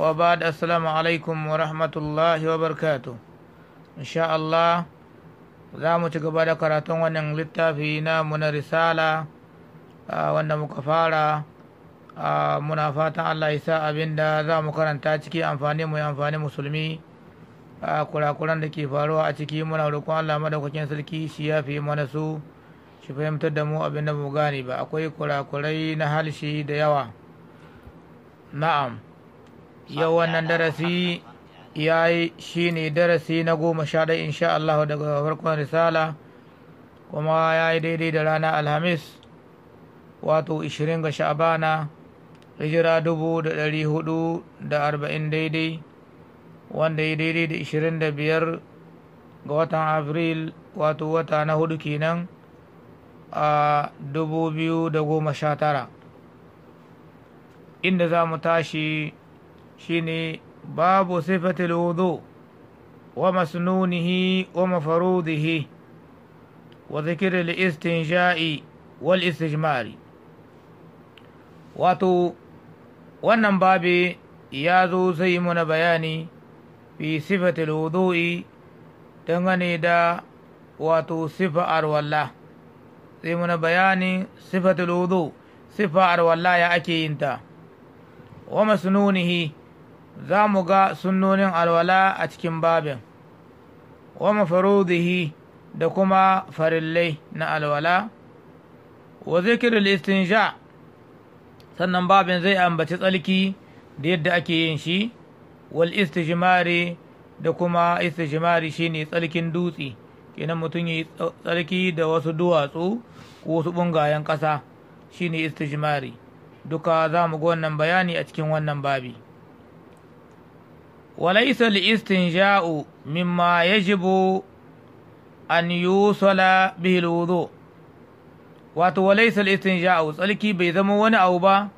وبعد السلام alaikum wa rahmatullahi wa barkatu Insha'Allah Allah za mu ci gaba da karatun wannan littafi na muna risala wanda muka fara muna fatan Allah ya sa abin da za mu karanta ciki amfani mu amfani musulmi kurakuran da ke faruwa a ciki muna roƙon Allah madaukakin sarki shi ya fi mana su shi fahimtar da mu abin da mu gane ba akwai kurakurai na halshi da yawa na'am yau wannan darasi ya yi shi ne darasi na goma sha ɗaya insha Allah daga farkon risala kuma ya yi daidai da rana alhamis wato 20 ga sha'abana hijira dubu da ɗari hudu da arba'in daidai wanda ya daidai da biyar ga watan afril wato wata na hudu kenan a dubu biyu da goma sha tara inda za mu tashi shine babu sifatil wudu wa masnunihi wa mafarudihi wa zikirin istinja'i wal istijmari wato wannan babi ya zo sai muna bayani fi sifatil wudu'i dangane da wato sifa arwalla sai muna bayani sifatil wudu sifa arwalla ya ake yinta wa masnunihi za mu ga sunnonin alwala a cikin babin wa mafarudihi da kuma farillai na alwala wa zikirul istinja sannan babin zai ambaci tsalki da yadda ake yin shi wal istijmari da kuma istijmari shine tsalkin dutse kenan mutum yi tsalki da wasu duwatsu ko wasu bungayen ƙasa shine istijmari duka za mu ga wannan bayani a cikin wannan babi وليس الاستنجاء مما يجب أن يوصل به الوضوء wato walaisal istinja'u tsarki bai zama wani abu ba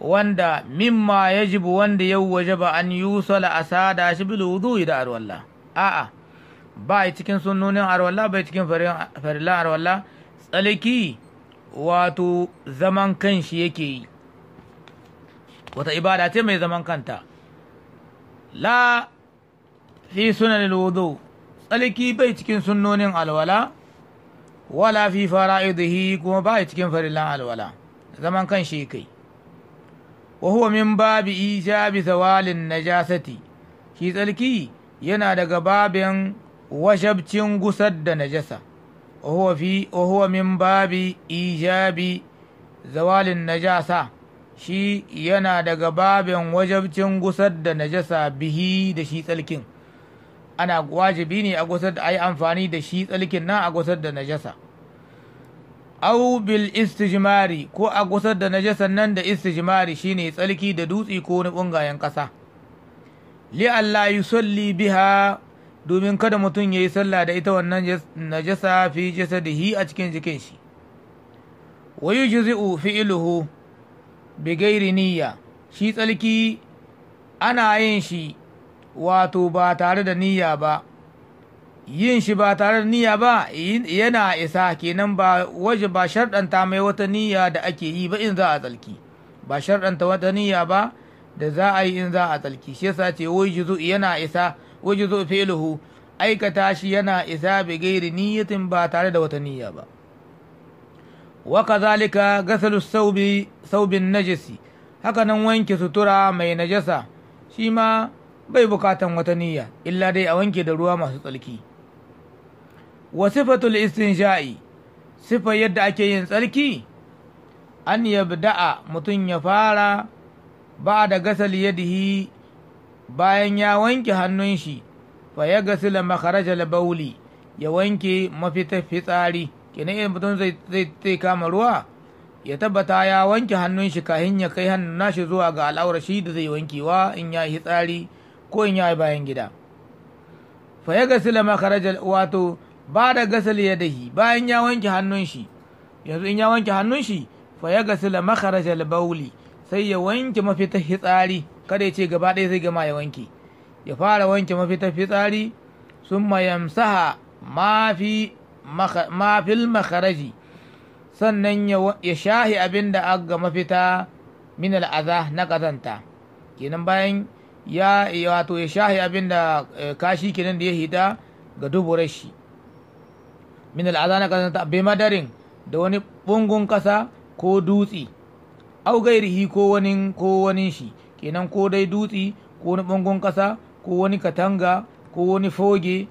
wanda mimma yajibu wanda ya wajaba an yusala a sada shi bil wudu'i da arwalla a'a ba cikin sunnonin arwalla bai cikin farilla arwalla tsarki wato zaman kanshi yake yi wata ibada ce mai zaman kanta la fi sunan wudu tsalki bai cikin sunnonin alwala wala fi fara'idihi kuma bai cikin farillan alwala zaman kan shi kai wa huwa min babi ijabi zawalin najasati Ki tsalki yana daga babin washabcin gusar da najasa wa huwa min babi ijabi zawalin najasa shi yana daga babin wajabcin gusar da najasa bihi da shi tsalkin ana wajibi ne a gusar da ai amfani da shi tsalkin nan a gusar da najasa au bil istijmari ko a gusar da najasan nan da istijmari shine tsalki da dutsi ko wani bungayen ƙasa li Allah yusalli biha domin kada mutum ya yi sallah da ita wannan najasa fi jasadihi a cikin jikin shi wa yujzi'u fi'luhu bigairi niyya shi tsarki ana yin shi wato ba tare da niyya ba yin shi ba tare da niyya ba yana isa kenan ba waje ba sharɗanta mai wata niyya da ake yi ba in za a tsalki ba sharɗanta wata niyya ba da za a yi in za a tsalki shi yasa ce waje juzu yana isa wai juzu fi'luhu aikata shi yana isa bigairi niyyatin ba tare da wata niyya ba wa kazalika gasalu saubi saubin haka nan wanke sutura mai najasa shi ma bai bukatan wata niyya illa dai a wanke da ruwa masu tsarki wa sifatul istinsha'i sifa yadda ake yin tsarki an yabda'a mutum ya fara ba da gasal yadihi bayan ya wanke hannun shi fa ya gasila makarajal bauli ya wanke mafita fitsari kenan idan mutum zai kama ruwa ya tabbata ya wanke hannun shi kahin ya kai hannun nashi zuwa ga al'aura shi da zai wankewa in ya yi tsari ko in ya yi bayan gida fa ya lama karajar wato ba da gasali ya dahi bayan ya wanke hannun shi yanzu in ya wanke hannun shi fa ya lama karajar bauli sai ya wanke mafitar fitsari kada ya ce gaba ɗaya zai gama ya wanke ya fara wanke mafitar fitsari sun mayamsaha mafi mafil makaraji sannan ya shahi abin da aga mafita min al'aza na kazanta kenan bayan ya wato ya shahi abin da eh, kashi kenan da ya hita ga duburar shi min al'aza na kazanta bai madarin da wani bungun kasa ko dutse au gairihi ko wani ko wani shi kenan ko dai dutse ko wani bungun kasa ko wani katanga ko wani foge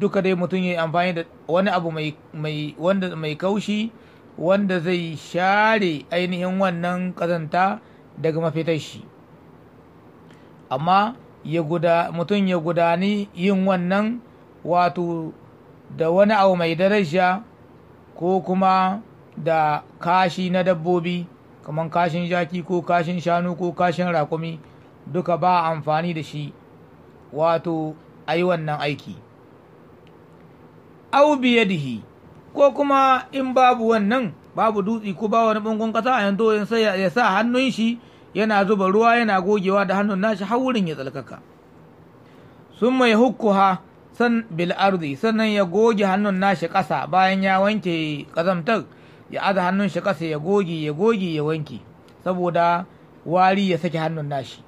duka dai mutum ya yi amfani da wani abu mai wanda mai kaushi wanda zai share ainihin wannan kazanta daga mafitar shi amma mutum ya gudani yin wannan wato da wani abu mai daraja ko kuma da kashi na dabbobi kamar kashin jaki ko kashin shanu ko kashin rakumi duka ba amfani da shi wato a wannan aiki au biyadihi ko kuma in babu wannan babu dutsi ko ba wani bangon kasa yanzu yanzu sai ya sa hannun shi yana zuba ruwa yana gogewa da hannun nashi har wurin ya tsalkaka sun mai hukkuha san bil ardi sannan ya goge hannun nashi kasa bayan ya wanke ƙazamtar ya aza hannun shi kasa ya goge ya goge ya wanke saboda wari ya saki hannun nashi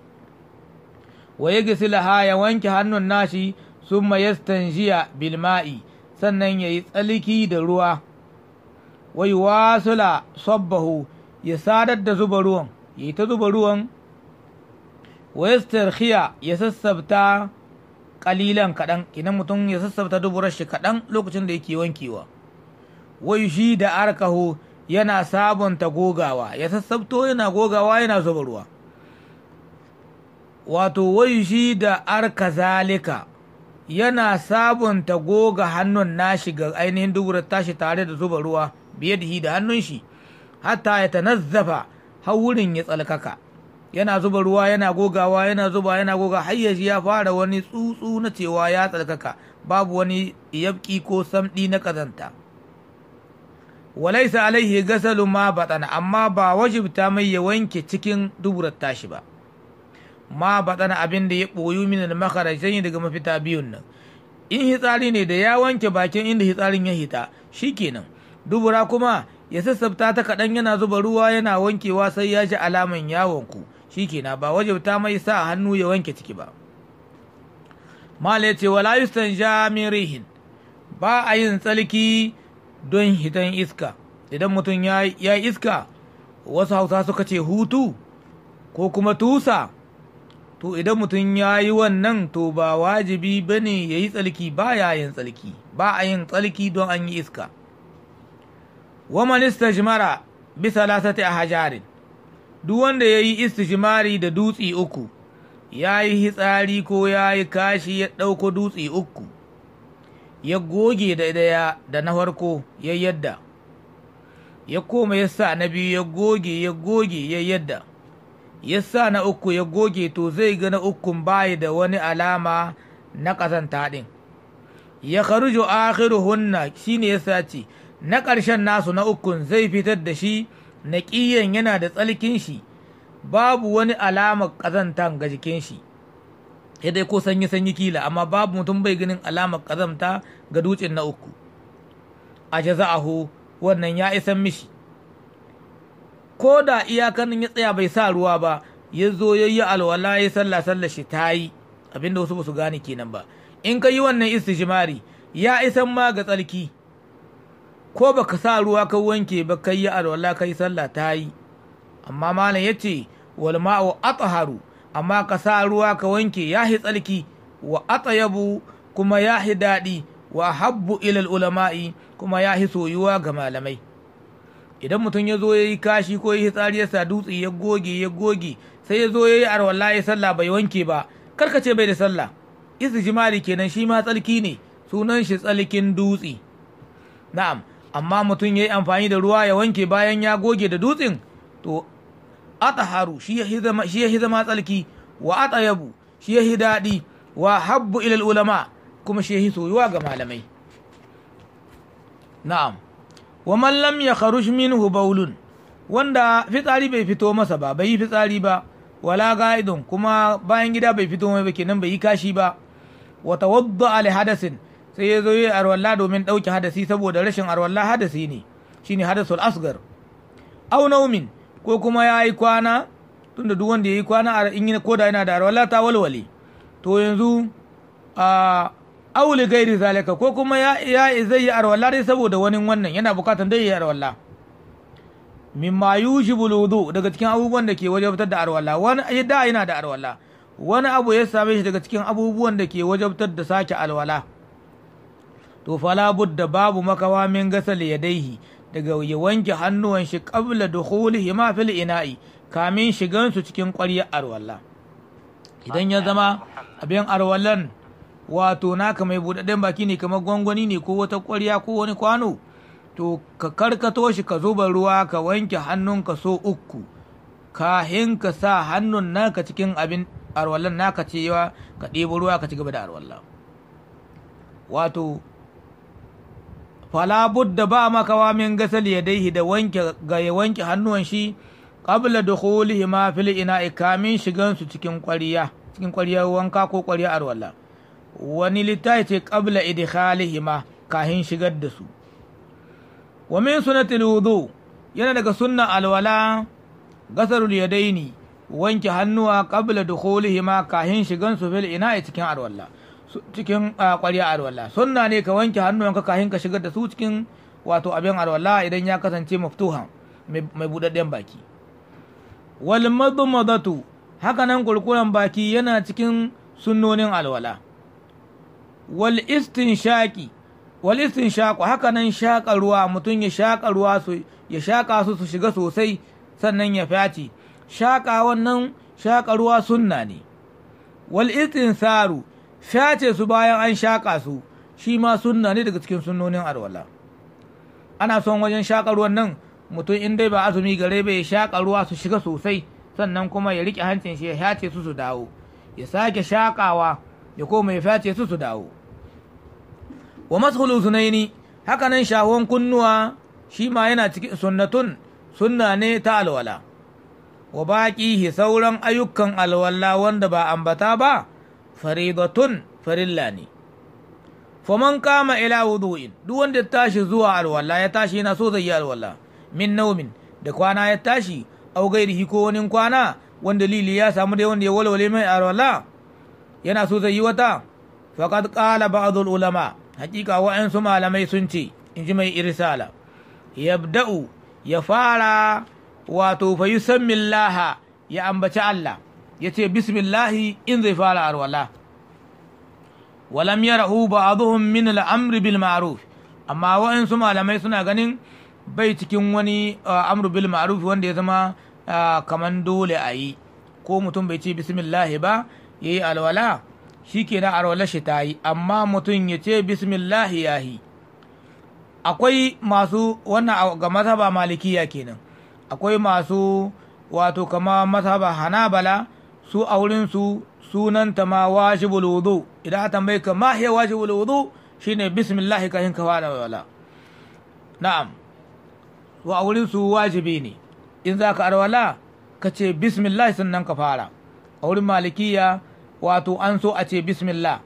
wa yagsilaha ya wanke hannun nashi sun mai yastanjiya bil ma'i sannan ya yi tsaliki da ruwa wai wasula sabbahu ya sadar da zuba ruwan ya yi ta zuba ruwan wa yastarkhiya ya sassabta ƙalilan kaɗan idan mutum ya sassabta duburar shi kaɗan lokacin da yake wankewa wai shi da arkahu yana sabonta gogawa ya sassabto yana gogawa yana zuba ruwa wato wai shi da arka zalika yana sabunta goga hannun nashi ga ainihin duburar tashi tare da zuba ruwa biye da da hannun shi hatta ya tanazzafa har wurin ya tsalkaka yana zuba ruwa yana gogawa yana zuba yana goga har ya ya fara wani tsutsu na cewa ya tsalkaka babu wani yabki ko samdi na kazanta walaisa alaihi gasalu ma batana amma ba wajibta mai ya wanke cikin duburar tashi ba ma batsana abin da ya ɓoyu mini da makarashen daga mafita biyun nan in hitsari ne da ya wanke bakin inda hitsarin ya hita shi kenan dubura kuma ya sassafta ta kaɗan yana zuba ruwa yana wankewa sai ya ji alaman yawon ku shi kenan ba ta mai sa hannu ya wanke ciki ba mala ya ce wala yustan jamirihin ba a yin tsalki don hitan iska idan mutum ya yi iska wasu hausa suka ce hutu ko kuma tusa to idan mutum ya yi wannan to ba wajibi ba ne ya yi tsalki ba ya yin tsalki ba a yin tsalki don an yi iska wa man bisa bi a hajarin duk wanda ya yi istijmari da dutse uku ya yi hitsari ko ya yi kashi ya ɗauko dutse uku ya goge da ɗaya da na farko ya yadda ya koma ya sa na biyu ya goge ya goge ya yadda ya sa na uku ya goge to zai ga na ukun bayi da wani alama na ƙazanta ɗin ya hunna shi ne ya sace na ƙarshen nasu na ukun zai fitar da shi na ƙiyan yana da tsalkin shi babu wani alama ƙazantan ga jikin shi ya dai ko sanyi sanyi kila amma babu mutum bai ganin alama ƙazanta ga dutsen na uku a jaza'ahu wannan ya isan mishi ko da nan ya tsaya bai sa ruwa ba ya zo ya yi alwala ya sallah sallah shi ta yi abinda wasu ba su gane kenan ba in ka yi wannan istijmari ya isan ma ga tsarki ko baka sa ruwa ka wanke ba ka yi alwala ka yi sallah ta yi amma malam ya ce wal ma'u atharu amma ka sa ruwa ka wanke ya hi tsarki wa atayabu kuma ya hi daɗi wa habbu ilal ulama'i kuma ya hi soyuwa ga malamai idan mutum ya zo ya yi kashi ko ya yi tsari ya sa dutse ya goge ya goge sai ya zo ya yi arwala ya sallah bai wanke ba ce bai da sallah istijmari kenan shi ma tsalki ne sunan shi tsalkin dutse na'am amma mutum ya yi amfani da ruwa ya wanke bayan ya goge da dutsen to ataharu shi ya yi zama tsalki wa atayabu shi ya yi daɗi wa habbu ilal ulama kuma shi ya yi soyuwa ga malamai na'am wa mallam ya kharush minhu baulun wanda fitsari bai fito masa ba bai yi fitsari ba wala ga'idun kuma bayan gida bai fito mai ba kenan bai yi kashi ba wa tawadda li hadasin sai ya zo yi arwalla domin ɗauke hadasi saboda rashin arwalla hadasi ne shine hadasul asgar aw naumin ko kuma ya yi kwana tunda duk wanda ya yi kwana in yi koda yana da arwalla ta walwale to yanzu a Auli gairi zalika ko kuma ya ya zai yi arwalla dai saboda wani wannan yana bukatan dai arwala? Min ma yujibu wudu daga cikin abubuwan da ke wajabtar da arwalla wani da yana da arwalla wani abu ya same shi daga cikin abubuwan da ke wajabtar da sake alwala to fala budda babu makawa min gasal yadaihi daga ya wanke hannuwan shi qabla dukhulihi ma fil ina'i kamin shigan su cikin ƙwaryar arwalla idan ya zama abin arwallan wato naka mai buɗaɗɗen baki ne kamar gwangwani ne ko wata ƙwarya ko wani kwano to ka karkato shi ka zuba ruwa ka wanke hannunka so uku kahin ka sa hannun naka cikin abin arwallon naka cewa ka ɗebo ruwa ka ci gaba da arwallan wato fala budda ba makawa min gasal daihi da wanke ga ya wanke hannuwan shi qabla dukhulihi ma fil ina'i kamin shigan su cikin ƙwariya cikin ƙwariyar wanka ko ƙwariyar arwalla wani littafi ce qabla idkhalihima kahin shigar da su wa min sunnatil wudu yana daga sunna alwala gasarul yadaini wanke hannuwa qabla dukhulihima kahin shigan su fil ina cikin alwala cikin ƙwarya alwala sunna ne ka wanke hannuwanka kahin ka shigar da su cikin wato abin alwala idan ya kasance maftuhan mai buɗaɗɗen baki wal madmadatu haka nan kurkuren baki yana cikin sunnonin alwala wal istinshaqi wal haka nan shaƙa ruwa mutum ya shaƙa ruwa su ya shaƙa su su shiga sosai sannan ya fyace shaƙa wannan shaƙa ruwa sunna ne wal saru fyace su bayan an shaƙa su shi ma sunna ne daga cikin sunnonin alwala ana son wajen shaƙa ruwan nan mutum in dai ba azumi gare bai shaƙa ruwa su shiga sosai sannan kuma ya riƙe hancin shi ya fyace su su dawo ya sake shaƙawa ya koma ya fyace su su dawo wa mashulu sunaini haka nan shahon kunnuwa shi ma yana cikin sunnatun sunna ne ta alwala wa baki hi sauran ayyukan alwala wanda ba ambata ba faridatun farilla ne faman kama ila wudu'in duk wanda ya tashi zuwa alwala ya tashi yana so zai yi alwala min naumin da kwana ya tashi au gairihi ko wani kwana wanda lili ya samu dai wanda ya walwale mai alwala yana so zai yi wata faqad qala ba'd ulama hakika wa'ansu malamai sun ce in ji mai irisala yabda'u ya fara wato fa yusammillaha ya ambaci Allah ya ce bismillahi in zai fara arwala walam ba ba'dhum min minal amri bil ma'ruf amma wa'ansu malamai suna ganin bai cikin wani uh, Amri bil ma'ruf wanda ya zama uh, kaman dole a yi ko mutum bai ce bismillahi ba ya yi alwala shi ke na arwala shi ta yi amma mutum ya ce bismillahi ya yi akwai masu wannan ga mazhaba malikiya kenan akwai masu wato kama mazhaba hanabala su a wurinsu sunanta ma wajibul wudu idan a tambayi ka ma hiya wajibul wudu shine bismillah ka hinka da wala na'am wa a wurinsu wajibi ne in za ka arwala ka ce bismillahi sannan ka fara a wurin malikiya wato an so a ce bismillah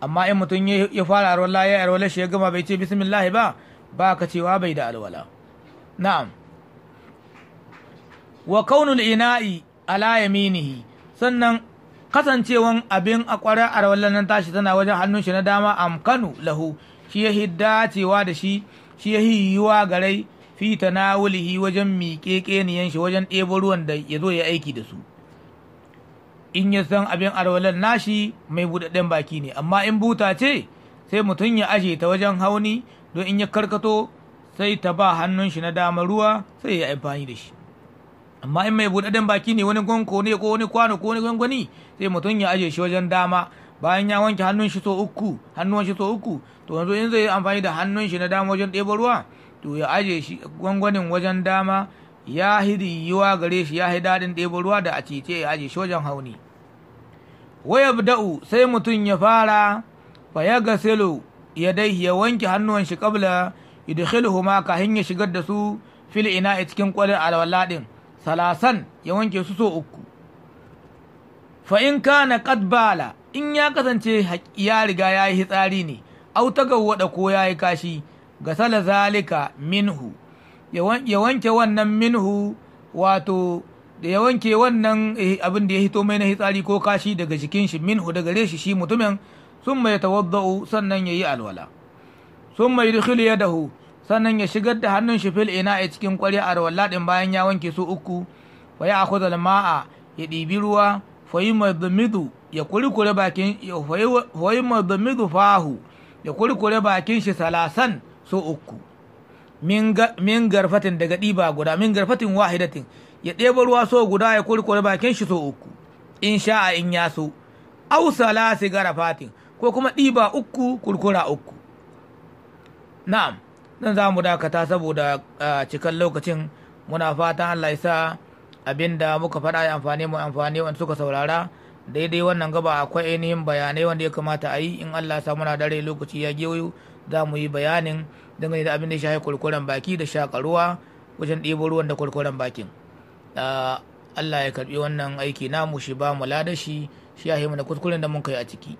amma in mutum ya fara arwala ya arwala shi ya gama bai ce bismillah ba ba ka cewa bai da alwala na'am wa kaunul ina'i ala yaminihi sannan kasancewan abin a kwarar arwallan nan tashi tana wajen hannun shi na dama amkanu lahu shi ya hidda cewa da shi shi ya yiwa garai fi tanawulihi wajen miƙe ƙeniyan shi wajen ɗebo ruwan da ya zo ya aiki da su in ya san abin arwalan nashi mai buɗaɗɗen baki ne amma in buta ce sai mutum ya aje ta wajen hauni don in ya karkato sai ta ba hannun shi na dama ruwa sai ya amfani da shi amma in mai buɗaɗɗen baki ne wani gonko ne ko wani kwano ko wani gwangwani sai mutum ya aje shi wajen dama bayan ya wanke hannun shi so uku hannun shi so uku to yanzu in zai amfani da hannun shi na dama wajen ɗebo ruwa to ya aje shi gwangwanin wajen dama ya hidi yiwa gare shi ya daɗin ɗebo ruwa da a cice ya aje shi wajen hauni wayabda'u sai mutum ya fara fa ya gasilu ya wanke hannuwan shi kabla qabla yudkhiluhuma ka ya shigar da su fil ina'i cikin kwalin alwaladin salasan ya wanke su so uku fa in kana qad bala in ya kasance ya riga ya yi hitsari ne au gawwada ko ya yi kashi gasala zalika minhu ya wanke wannan minhu wato da ya wanke wannan eh, abin da ya hito mai na hitsari ko kashi daga jikin shi minhu daga gare shi shi mutumin sun mai tawadda'u sannan ya yi alwala sun mai dukhilu ya dahu sannan ya shigar da hannun shi fil ina a cikin kwari a rawalla din bayan ya wanke su uku fa ya akhudha al ya ɗibi ruwa fa yumadmidu ya kurkure bakin fa fahu ya kurkure bakin shi salasan su uku min garfatin daga ɗiba guda min garfatin wahidatin ya ɗebo ruwa so guda ya kurkure bakin shi so uku in sha'a in ya so au salasi fatin ko kuma ɗiba uku kurkura uku na'am nan za mu dakata saboda cikan lokacin muna fatan Allah ya sa abin da muka faɗa ya amfani mu amfani wanda suka saurara daidai wannan gaba akwai ainihin bayanai wanda ya kamata a yi in Allah ya sa muna dare lokaci ya gewayo za mu yi bayanin dangane da abin da ya shafi kurkuren baki da shakaruwa wajen ɗebo ruwan da kurkuren bakin. Allah ya karbi wannan aiki namu shi ba mu lada shi ya da kuskuren da mun kai a ciki